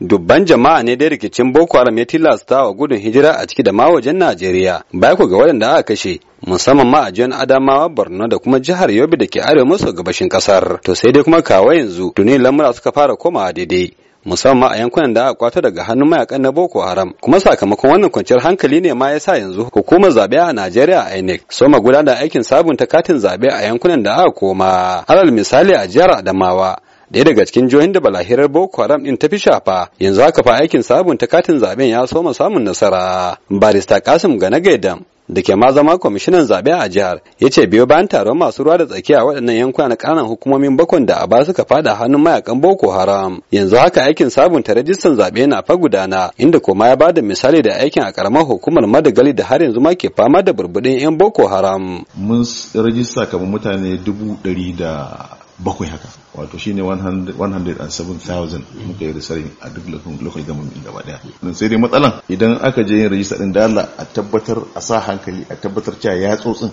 dubban jama'a ne dai rikicin boko haram ya tilasta wa gudun hijira a ciki da ma wajen najeriya bai ku ga waɗanda aka kashe musamman ma a jiyan adamawa borno da kuma jihar yobe da ke arewa maso gabashin kasar to sai dai kuma kawo yanzu tuni lamura suka fara komawa daidai musamman ma a yankunan da aka kwato daga hannun mayakan na Boko Haram kuma sakamakon wannan kwanciyar hankali ne ma ya sa yanzu hukumar zabe a Najeriya a INEC soma gudanar da aikin sabunta katin zabe a yankunan da aka koma alal misali a jihar Adamawa ɗaya daga cikin jihohin da balahirar boko haram din fi shafa yanzu haka fa aikin sabunta katin zaben ya soma samun nasara barista kasim gana gaidam da ke ma zama kwamishinan zaɓe a jihar ya ce biyo bayan taron masu ruwa da tsakiya waɗannan yankuna na ƙananan hukumomin bakon da a ba suka fada hannun mayakan boko haram yanzu haka aikin sabunta rajistan zaɓe na fa gudana inda koma ya bada misali da aikin a ƙaramar hukumar madagali da har yanzu ma ke fama da burbuɗin yan boko haram mun rajista kamar mutane dubu ɗari da bakwai haka wato shine 107,000 muka yi risarin a duk lokacin government din gaba daya sai dai matsalan idan aka je yin rajista din dala a tabbatar a sa hankali a tabbatar cewa ya tsotsin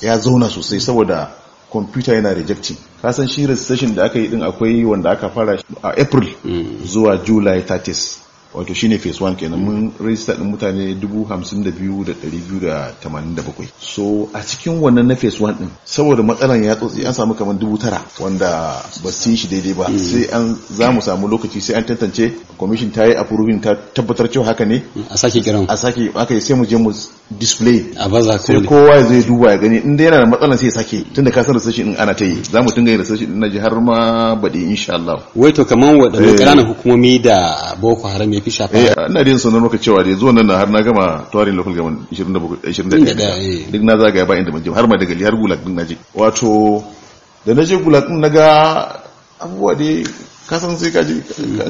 ya zauna sosai saboda kwamfuta yana rejecting kasan shi registration da aka yi din akwai wanda aka fara a april mm. zuwa july 30 wato shine phase 1 kenan mun register din mutane 52,287 so a cikin wannan na phase 1 din saboda matsalan ya tsotsi an samu kamar dubu tara wanda ba su shi daidai ba mm. sai an za mu samu lokaci sai an tantance commission ta yi approving ta tabbatar cewa haka ne a sake kiran a sake aka sai mu je mu display a baza sai kowa zai duba ya gani inda yana da matsala sai ya sake tunda ka san research din ana ta yi za mu dinga yin research din naji har ma baɗi insha Allah wai to kaman wadannan eh. ƙananan hukumomi da Boko Haram ya fi shafa eh ina da sunan sanar maka cewa dai zuwan nan har na gama tawarin local government 21 eh. duk na zagaya ba inda mun je har ma daga har Gulak din naje wato da naje Gulak din naga abuwa dai kasan sai kaji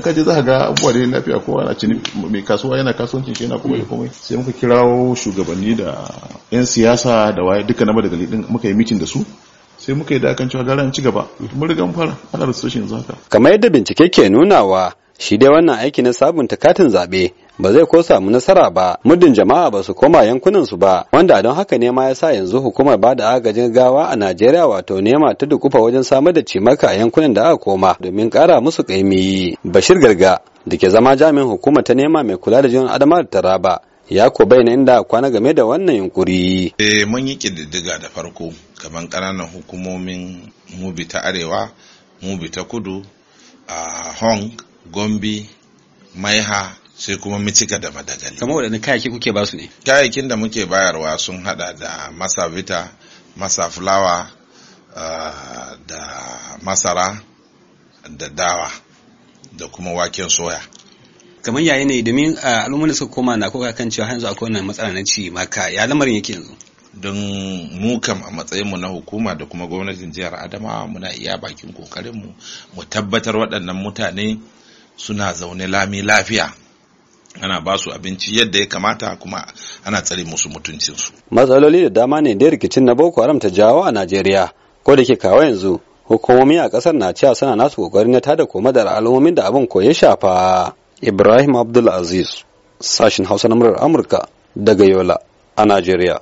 kaji za ga abubuwa da lafiya ko ana cini mai kasuwa yana kasuwancin shi yana kuma da komai sai muka kirawo shugabanni da yan siyasa da waye duka na madagali din muka yi mitin da su sai muka yi da akan cewa gara ci gaba mun riga mun fara ana da sosai yanzu haka kamar yadda bincike ke nunawa shi dai wannan aiki na sabunta katin zabe ba zai ko samu nasara ba muddin jama'a ba su koma yankunan su ba wanda don haka ne ma yasa yanzu hukumar ba da agajin gawa a Najeriya wato nema ta dukufa wajen samar da cimaka a yankunan da aka koma domin kara musu kaimi Bashir Garga da ke zama jami'in hukumar ta nema mai kula da jin adama da taraba ya ko bayyana inda kwana game da wannan yunkuri. Eh mun yi kididdiga da farko kamar ƙananan hukumomin mubi ta arewa mubi ta kudu a hong gombe maiha sai kuma micika da madagali kamar waɗanda kayayyaki kuke basu ne kayayyakin da muke bayarwa sun hada da masa vita masa fulawa uh, da masara da dawa da kuma waken soya kamar yayi ne domin ah, al'ummar da suka koma na koka kan cewa yanzu akwai wannan matsala na ci maka ya lamarin yake yanzu don mu kam a matsayinmu na hukuma da kuma gwamnatin jihar adamawa muna iya bakin kokarinmu mu tabbatar waɗannan mutane suna zaune lami lafiya ana ba su abinci yadda ya kamata kuma ana tsare musu mutuncinsu. matsaloli da dama ne da rikicin na boko haram ta jawo a najeriya ko da ke kawo yanzu hukumomi a kasar na cewa suna nasu kokari na tada koma da al'ummomin da abin koya shafa ibrahim abdulaziz sashin hausa na murar amurka daga yola a najeriya